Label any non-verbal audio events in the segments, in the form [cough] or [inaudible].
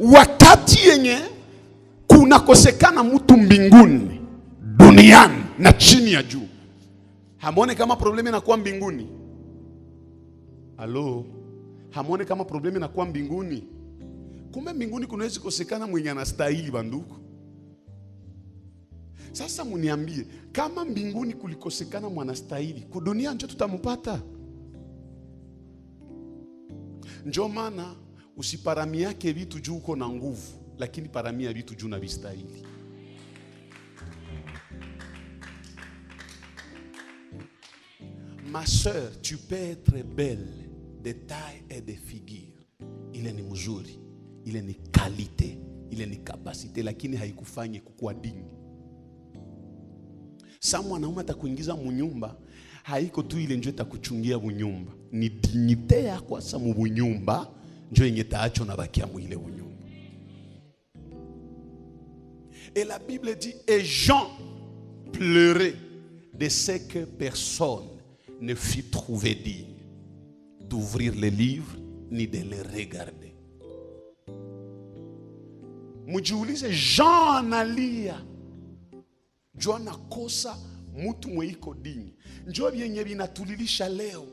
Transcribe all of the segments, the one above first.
wakati yenye kunakosekana mtu mbinguni, duniani na chini ya juu. Hamwone kama problemu inakuwa mbinguni? Halo, hamwone kama problemu inakuwa mbinguni? Kumbe mbinguni kunawezi kosekana mwenye anastahili banduku. Sasa muniambie, kama mbinguni kulikosekana mwanastahili, kudunia njo tutamupata Njo maana Usiparamiake vitu juu uko na nguvu, lakini paramia vitu juu na vistahili. Ma soeur, tu peux être belle de taille et de figure, ile ni mzuri, ile ni kalite, ile ni kapasite, lakini haikufanyi kukuwa dini. Sa mwanaume atakuingiza munyumba haiko tu ile njo itakuchungia munyumba, ni dignite yako hasa mubunyumba Et la Bible dit, et Jean pleurait de ce que personne ne fit trouver digne d'ouvrir les livres ni de les regarder. Mujiulize, Jean analia njo nakosa mutu mweiko digne, njo leo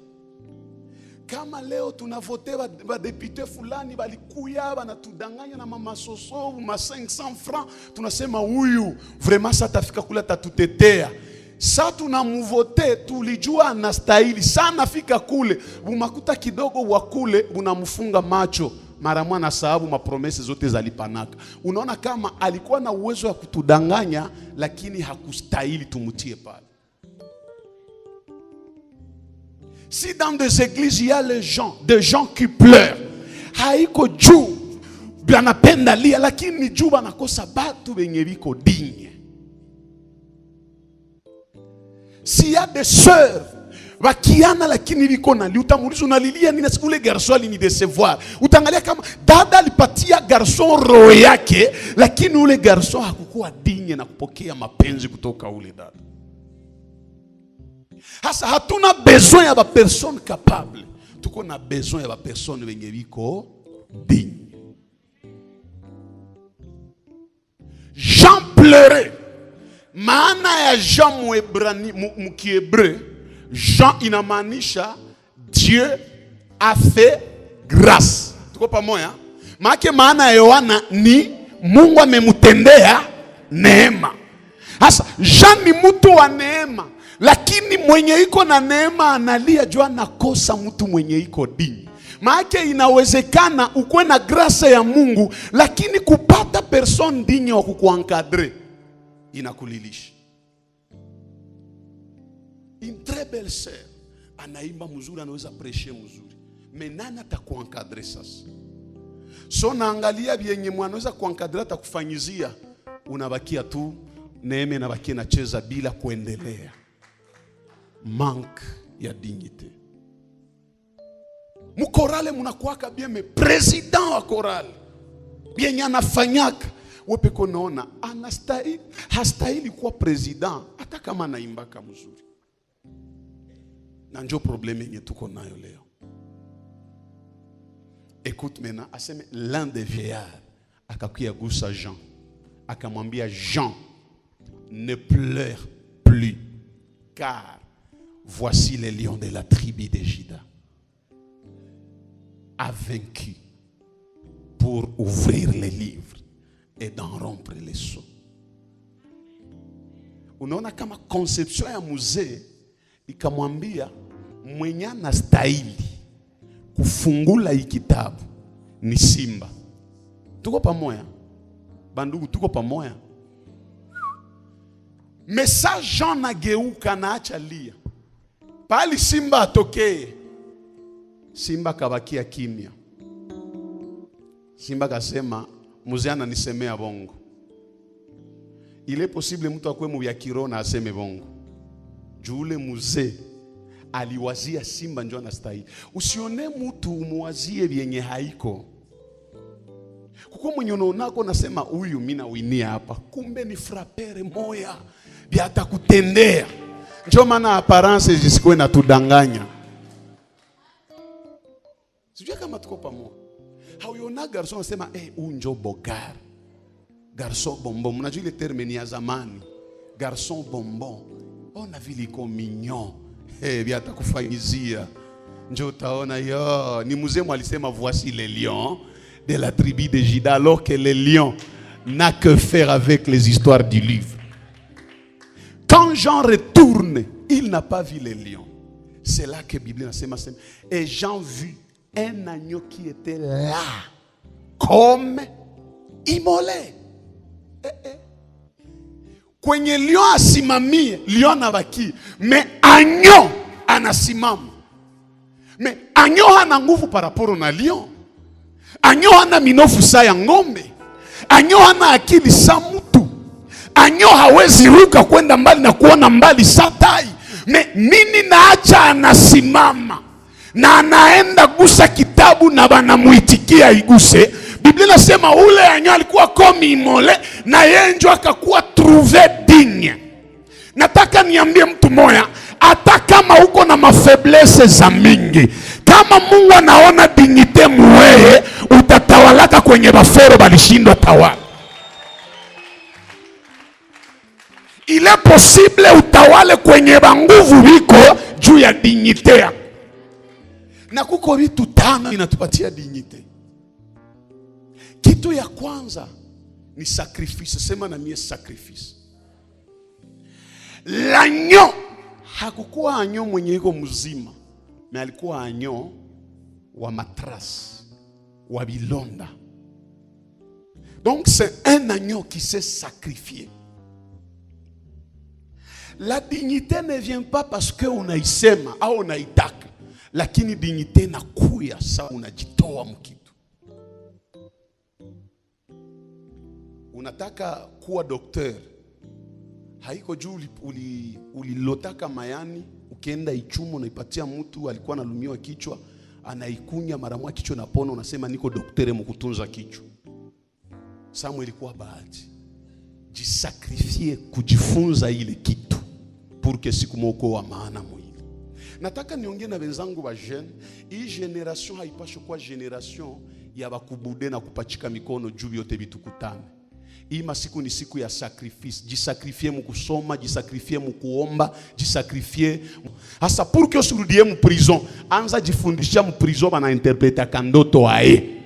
Kama leo tunavote badepute fulani balikuya banatudanganya na mamasoso ma 500 francs, tunasema huyu vraiment sa tafika kula tatutetea. Sa tunamuvote tulijua anastahili sana, fika kule bumakuta kidogo wa kule bunamfunga macho mara mwa na sababu mapromese zote zalipanaka. Unaona kama alikuwa na uwezo wa kutudanganya, lakini hakustahili tumutie pale. Si dans des églises, il y a les gens, des gens qui pleurent, haiko juu banapenda lia lakini juu banakosa batu benye biko digne. S'il y a des sœurs bakiana lakini viko nali, utamuliza unalilia nini? Ule garson alinidesevoir. Utangalia kama dada lipatia garson roho yake, lakini ule garson hakukuwa digne na kupokea mapenzi kutoka ule dada. Hasa hatuna besoin ya bapersone capable, tuko na besoin ya bapersone benye biko digne. Jean pleurait, maana ya Jean muebrani mukiebre, Jean inamaanisha Dieu a fait grâce. Tuko pamoja? Maana maana ya Yohana ni Mungu amemutendea neema. Hasa Jean ni mutu wa neema lakini mwenye iko na neema analia jua nakosa mtu mwenye iko dini. Maake inawezekana ukuwe na grasa ya Mungu, lakini kupata person dini wa kukuankadre inakulilisha. intrebelse anaimba mzuri, anaweza preshe mzuri, menana atakuankadre sasa. So naangalia vyenye mwanaweza kuankadre, atakufanyizia unabakia tu neema, nabakia nacheza bila kuendelea. manque ya dignité. Mkorale munakuwaka bie me président wa bien yana fanyaka wepeko, naona anastahili hastahili kuwa président hata kama anaimbaka mzuri, na njo problème. yenye tuko nayo leo. Écoute maintenant, l'un des vieillards akakuya gusa Jean akamwambia Jean, ne pleure plus car voici les lions de la tribu de Juda, a vaincu pour ouvrir les livres et d'en rompre les sceaux. On Unaona kama conception ya mzee ikamwambia mwenye anastahili kufungula hii kitabu ni simba. Tuko pamoja bandugu, tuko pamoja. Message Jean nageuka naacha lia pali simba atokee, simba kabakia kimya. Simba kasema mzee ananisemea bongo. Ile posible mtu akwe mu ya na aseme bongo, jule muze aliwazia simba njo anastahili. Usione mtu umuwazie vyenye haiko kuko mwenye unaonako nasema huyu mina winia hapa, kumbe ni frapere moya vyatakutendea Je maana aparance zisikuwe na tudanganya. Sijui kama tuko pamoja. Hauiona garso anasema eh, unjo bogar. Garçon bonbon. Mnajua terme ni ya zamani. garçon bonbon. Ona vile iko mignon. Eh, hey, Njo utaona yo, ni voici les lions de la tribu de Gida. » alors que les lions n'a que faire avec les histoires du livre. Jean retourne, il n'a pas vu les lions. C'est là que Bible nasema et Jean vit un agneau qui était là comme immolé. Eh, eh. Kwenye lion asimamie, lion abaki, mais agneau anasimama. Mais agneau hana nguvu par rapport na lion. Agneau hana minofu saa Agneau hana akili samu anyo hawezi ruka kwenda mbali na kuona mbali satai me, nini naacha anasimama na anaenda gusa kitabu na banamuitikia iguse. Biblia inasema ule anyo alikuwa komi imole na yenjo akakuwa truve digne. Nataka niambie mtu moya, hata kama uko na mafeblese za mingi, kama Mungu anaona dignite muweye, utatawalaka kwenye baforo balishindwa tawala ile posible utawale kwenye banguvu wiko juu ya dignite yako, na kuko vitu tano inatupatia dignite. Kitu ya kwanza ni sacrifice. Sema na mie sacrifice. Lanyo hakukuwa anyo mwenye iko mzima, na alikuwa anyo wa matras wa bilonda, donc c'est un agneau qui s'est sacrifié la dignité ne vient pas parce que unaisema au unaitaka, lakini dignité inakuya saa unajitoa mkitu. Unataka kuwa docteur. haiko juu ulilotaka uli mayani, ukienda Ichumo unaipatia mtu alikuwa analumiwa kichwa, anaikunya mara moja, kichwa napona, unasema niko daktari mkutunza kichwa. Samuel ilikuwa bahati jisakrifie kujifunza ile kitu purke siku moko wa maana mwingi. Nataka niongee na wenzangu wa jeune, hii generation haipashe kuwa generation ya bakubude na kupachika mikono juu yote bitukutane. Hii masiku ni siku ya sacrifice. Jisakrifie mukusoma, jisakrifie mukuomba, jisakrifie hasa purke usurudie mu Anza jifundisha mu prison bana interpreta kandoto aye.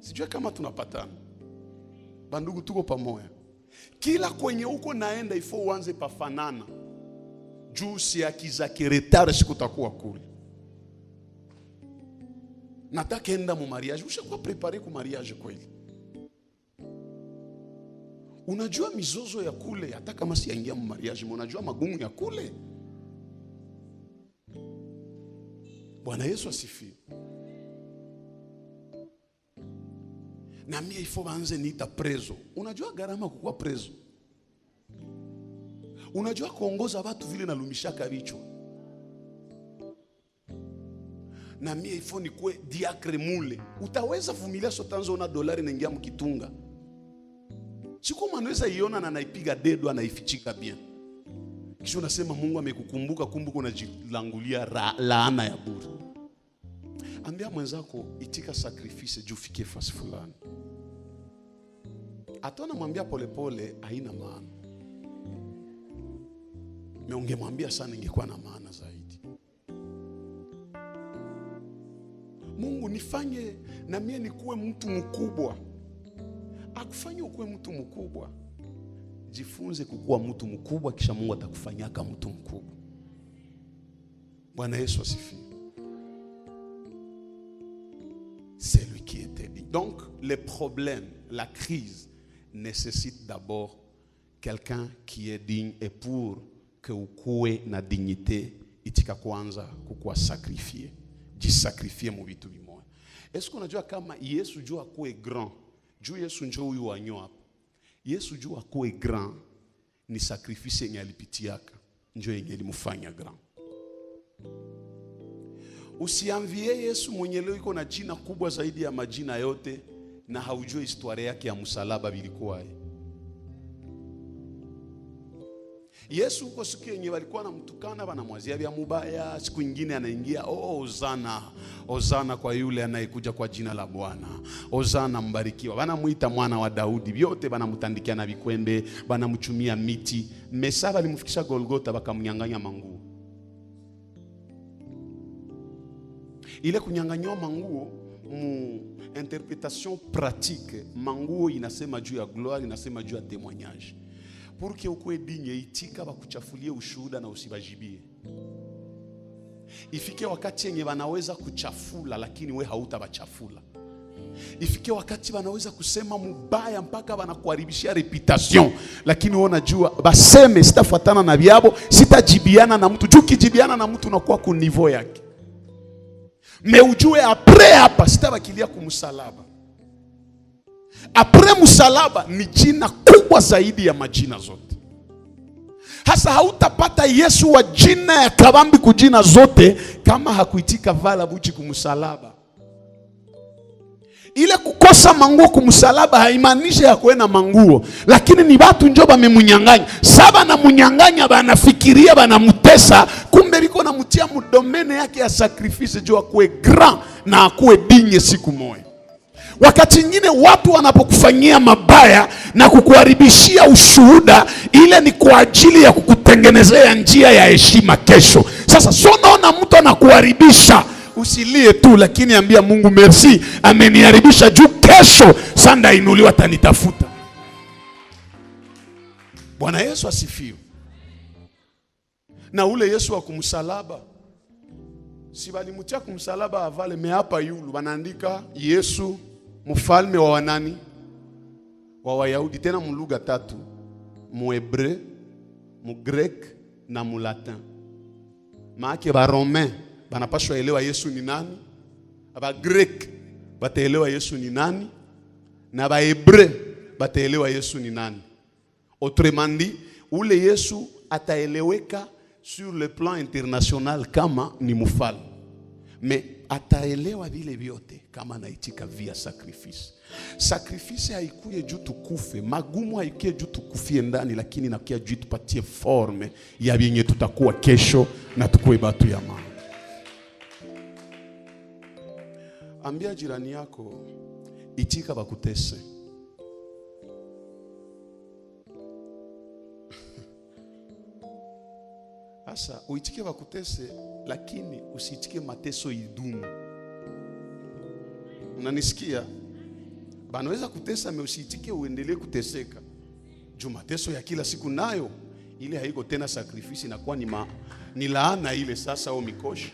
Sijua kama tunapatana. Bandugu tuko pamoja. Kila kwenye huko naenda ifo uanze pafanana juu si akizakiretare sikutakuwa kule. Nataka enda mu mariage, ushakuwa prepare ku mariage kweli? Unajua mizozo ya kule, hata kama siyaingia mu mariage, unajua magumu ya kule. Bwana Yesu asifiwe. na mie ifo banze niita prezo. Unajua gharama kukuwa prezo? Unajua kuongoza watu vile nalumishaka vichwa na mie ifo nikuwe diakre mule. Utaweza vumilia sotanzo una dolari naingia mkitunga siku manaweza iona na naipiga dedo anaifichika bia kisha unasema Mungu amekukumbuka, kumbe unajilangulia laana ya bure. Ambia mwenzako itika sakrifise juu ufike fasi fulani hata namwambia polepole haina maana, meungemwambia sana, ingekuwa na maana zaidi. Mungu nifanye na mie nikuwe mtu mkubwa, akufanye ukuwe mtu mkubwa. Jifunze kukuwa mtu mkubwa, kisha Mungu atakufanyaka mtu mkubwa. Bwana Yesu asifiwe. C'est lui qui était dit. Donc, le problème, la crise, nécessite d'abord quelqu'un qui est digne et pour que ukue na dignité itika kwanza kukuwa sacrifié jisakrifie mu vitu vimoya eske unajua kama yesu juu akuwe grand juu yesu njo huyu wanyo hapo yesu juu akuwe grand ni sakrifisi yenye alipitiaka njo yenye ilimfanya grand usiamvie yesu mwenye leo iko na jina kubwa zaidi ya majina yote na haujui historia yake ya msalaba vilikuwaje. Yesu huko siku yenye walikuwa namtukana, wanamwazia vya mubaya, siku ingine anaingia oh, ozana ozana kwa yule anayekuja kwa jina la Bwana, ozana mbarikiwa. Wanamwita mwana wa Daudi, vyote wanamutandikia na vikwembe, wanamchumia miti mesa, walimufikisha Golgota, wakamnyang'anya manguo. Ile kunyang'anywa manguo mu interpretation pratique manguo inasema juu ya gloire, inasema juu ya témoignage. Porque ukuwe dinye, itika bakuchafulie ushuhuda na usibajibie. Ifike wakati yenye wanaweza kuchafula, lakini we hautabachafula. Ifike wakati wanaweza kusema mubaya mpaka wanakuharibishia reputation, lakini wewe unajua baseme, sitafuatana na vyabo, sitajibiana na mtu juu. Kijibiana na mtu unakuwa ku niveau yake meujue apres hapa sitabakilia kumsalaba. apres msalaba ni jina kubwa zaidi ya majina zote. Hasa hautapata Yesu wa jina ya kabambi kujina zote kama hakuitika vala buchi kumsalaba. Ile kukosa manguo kumsalaba haimaanishi na manguo, lakini ni batu njo bamemunyang'anya. Sa banamunyang'anya, banafikiria banamutesa, kumbe liko namutia mudomene yake ya sakrifisi juu akuwe grand na akuwe dinye siku moja. Wakati ingine watu wanapokufanyia mabaya na kukuharibishia ushuhuda, ile ni kwa ajili ya kukutengenezea njia ya heshima kesho. Sasa sio, naona mtu anakuharibisha usilie tu, lakini ambia Mungu merci, ameniharibisha juu kesho sanda inuliwa atanitafuta. Bwana Yesu asifiwe. Na ule Yesu wa kumsalaba si balimutia kumsalaba avale meapa yulu wanaandika Yesu mfalme wa wanani wa Wayahudi, tena mulugha tatu muhebre, mugrek na mulatin, maake baromain banapashwa elewa Yesu ni nani, Greek bataelewa Yesu ni nani na Hebrew bataelewa Yesu ni nani. Autrement dit, ule Yesu ataeleweka sur le plan international kama ni mufal me ataelewa vile vyote kama naitika via sacrifice. Sacrifice haikuye juu tukufe, magumu haikuye juu tukufie ndani, lakini nakia juu tupatie forme ya vyenye tutakuwa kesho na tukuwe batu ya maana. Ambia jirani yako itika bakutese. Asa uitike bakutese, lakini usiitike mateso idumu. Unanisikia? Banaweza kutesa, meusiitike uendelee kuteseka juu mateso ya kila siku nayo ile haiko tena sakrifisi, inakuwa ni, ma, ni laana ile sasa au mikoshi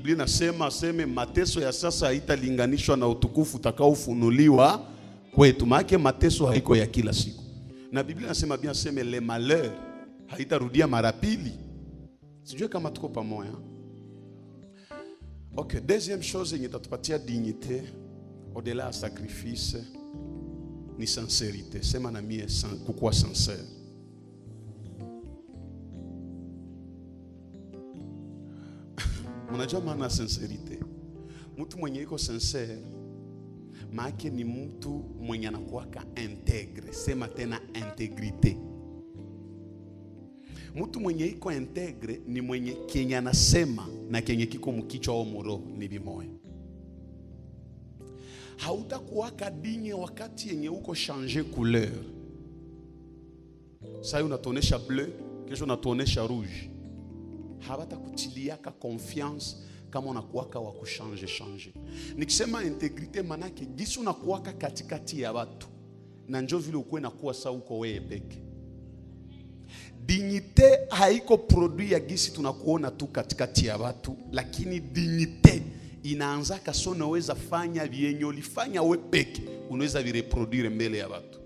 Biblia inasema aseme mateso ya sasa haitalinganishwa na utukufu utakaofunuliwa kwetu, maana mateso haiko ya kila siku, na Biblia inasema bien aseme le malheur haitarudia mara pili. Sijue kama tuko pamoja. Okay, deuxième chose yenye tatupatia dignité au-delà ya sacrifice ni sincérité. Sema na mie kukua sincere Unajua maana sincerity, mtu mwenye iko sincere maake ni mtu mwenye intègre. integre. Sema tena integrite. Mtu mwenye iko intègre ni mwenye n'a sema na kenye kiko ni bimoya. dinye wakati yenye uko changer couleur. Sasa bleu, kesho rouge hawatakutiliaka confiance kama unakuwaka wa kushanje shanje. Nikisema integrite, manake gisi unakuwaka katikati ya watu, na njo vile ukuwe nakuwa sa uko weye peke. Dignite haiko produit ya gisi tunakuona tu katikati ya watu, lakini dignite inaanza kaso naweza fanya vyenye ulifanya we peke, unaweza vireproduire mbele ya watu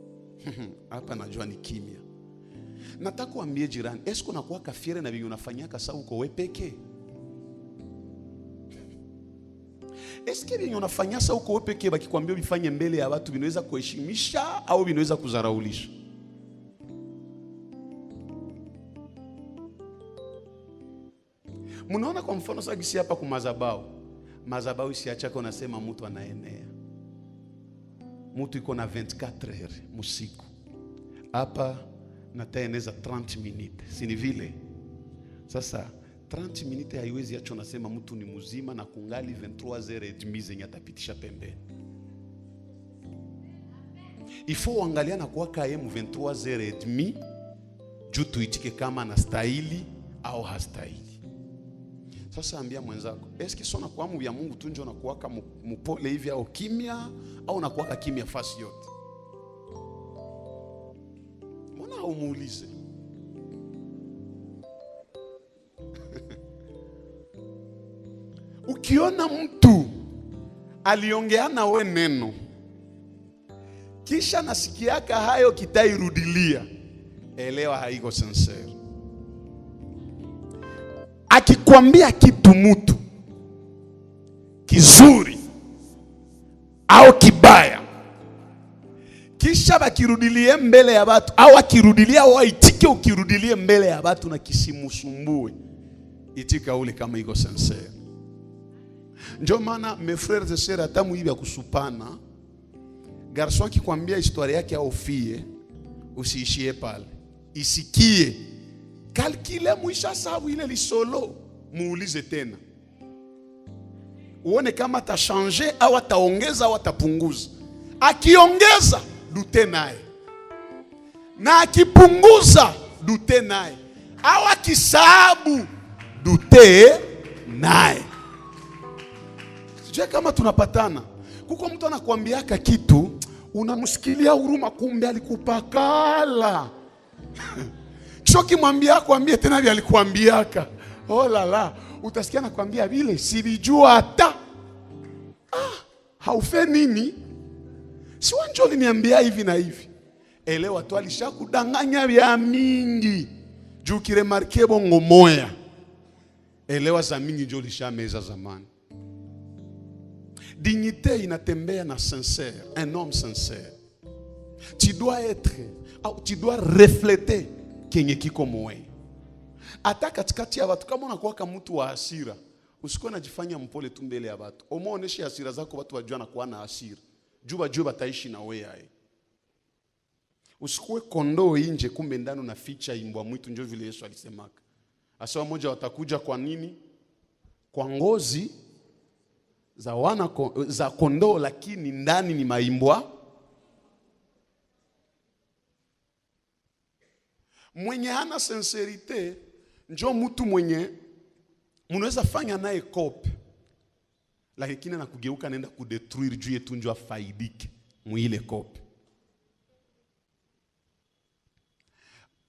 [laughs] hapa. Najua ni kimya Nataka jirani, esko nakuwaka kafiere na vyenye unafanyaka saa uko we Eske vyenye unafanya sasa uko wewe pekee, bakikwambia bifanye mbele ya watu, vinaweza kuheshimisha au vinaweza kudharaulisha? Mnaona, kwa mfano sasa gisi hapa kumazabao mazabao isiachako, nasema mtu anaenea, mtu iko na 24 heures msiku hapa nataeneza 30 minute, si ni vile? Sasa 30 minute haiwezi acho nasema mtu ni mzima na kungali 23h30 zenye atapitisha pembeni. Ifo uangalia na kuwaka yemu 23h30 juu tuitike kama anastahili au hastahili. Sasa ambia mwenzako, eski so na kuamu ya Mungu tunjo na kuwaka mupole hivi au kimya au na kuwaka kimya fasi yote umuulize. [laughs] Ukiona mtu aliongea na we neno kisha nasikiaka hayo kitairudilia, elewa haiko sincere. Akikwambia kitu mutu kizuri au kibaya kisha bakirudilie mbele ya batu au akirudilia waitike, ukirudilie mbele ya batu na kisimusumbue, itika ule kama iko sincere. Ndio maana mes frères et sœurs, hata muivi akusupana garson akikwambia historia yake fie, usiishie pale, isikie kalkile mwisha sabu ile lisolo, muulize tena uone kama atashanje au ataongeza au atapunguza. Akiongeza dute naye, na akipunguza dute naye, au akisahabu dute naye. Sijue kama tunapatana. Kuko mtu anakuambiaka kitu unamsikilia huruma, kumbe alikupakala [laughs] kisha ukimwambia kuambie tena vile alikuambiaka. Oh la la, utasikia nakwambia vile silijua hata. Ah, haufe nini si wanjo liniambia hivi na hivi. Elewa tu alishakudanganya vya mingi juu kiremarkie bongo moya, elewa za mingi njo lishameza zamani. Dignité inatembea na sincère, un homme sincère. Tu dois être au, tu dois refléter kenye kiko moyo. Hata katikati ya watu, kama unakuwaka mtu wa hasira, usikuwe unajifanya mpole tu mbele ya watu, omo hasira zako, watu wajua na kuwa na hasira juu bajue bataishi na wewe hai. Usikuwe kondoo inje, kumbe ndani unaficha imbwa mwitu. Ndio vile Yesu alisemaka, asawa moja watakuja kwa nini? Kwa ngozi za wana za kondoo, lakini ndani ni maimbwa. Mwenye hana sincerite njo mtu mwenye munaweza fanya naye kope lakini anakugeuka anaenda kudetruire juu yetu njo afaidike mwile kope.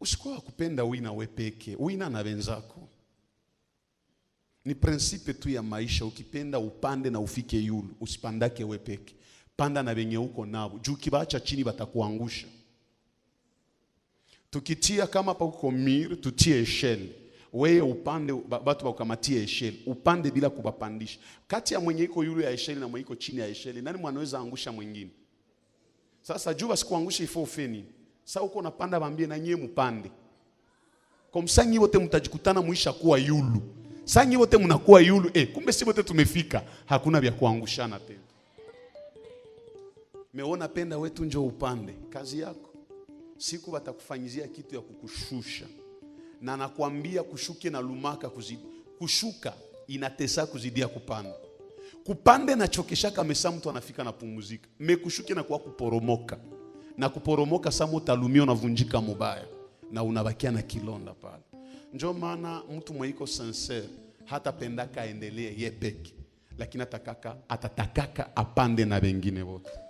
Usikuwa wakupenda wina wepeke, wina na wenzako ni prinsipe tu ya maisha. Ukipenda upande na ufike yulu, usipandake wepeke, panda na wenye uko nao, juu kibacha chini batakuangusha. Tukitia kama pakuko mire, tutie eshele wewe upande watu wakamatie esheli, upande bila kubapandisha. Kati ya mwenye iko yule ya esheli na mwenye iko chini ya esheli, nani mwanaweza angusha mwingine? Sasa juba sikuangusha ifo feni Sasa uko unapanda, bambie na nyie mpande Kwa msangi wote mtajikutana muisha kuwa yulu. sangi wote mnakuwa yulu. Eh, kumbe si wote tumefika. Hakuna vya kuangushana tena. Meona penda wetu njoo upande. Kazi yako. Siku watakufanyizia kitu ya kukushusha na nakwambia kushuke na lumaka kuzidi, kushuka inatesa kuzidia kupanda. Kupande na kama mesa mtu anafika na pumuzika. Mekushuke na kwa kuporomoka. Na kuporomoka samu utalumia unavunjika mubaya na unabakia na kilonda pale. Njo maana mtu mweiko sincere hata pendaka aendelee yepeki, lakini atakaka atatakaka apande na wengine wote.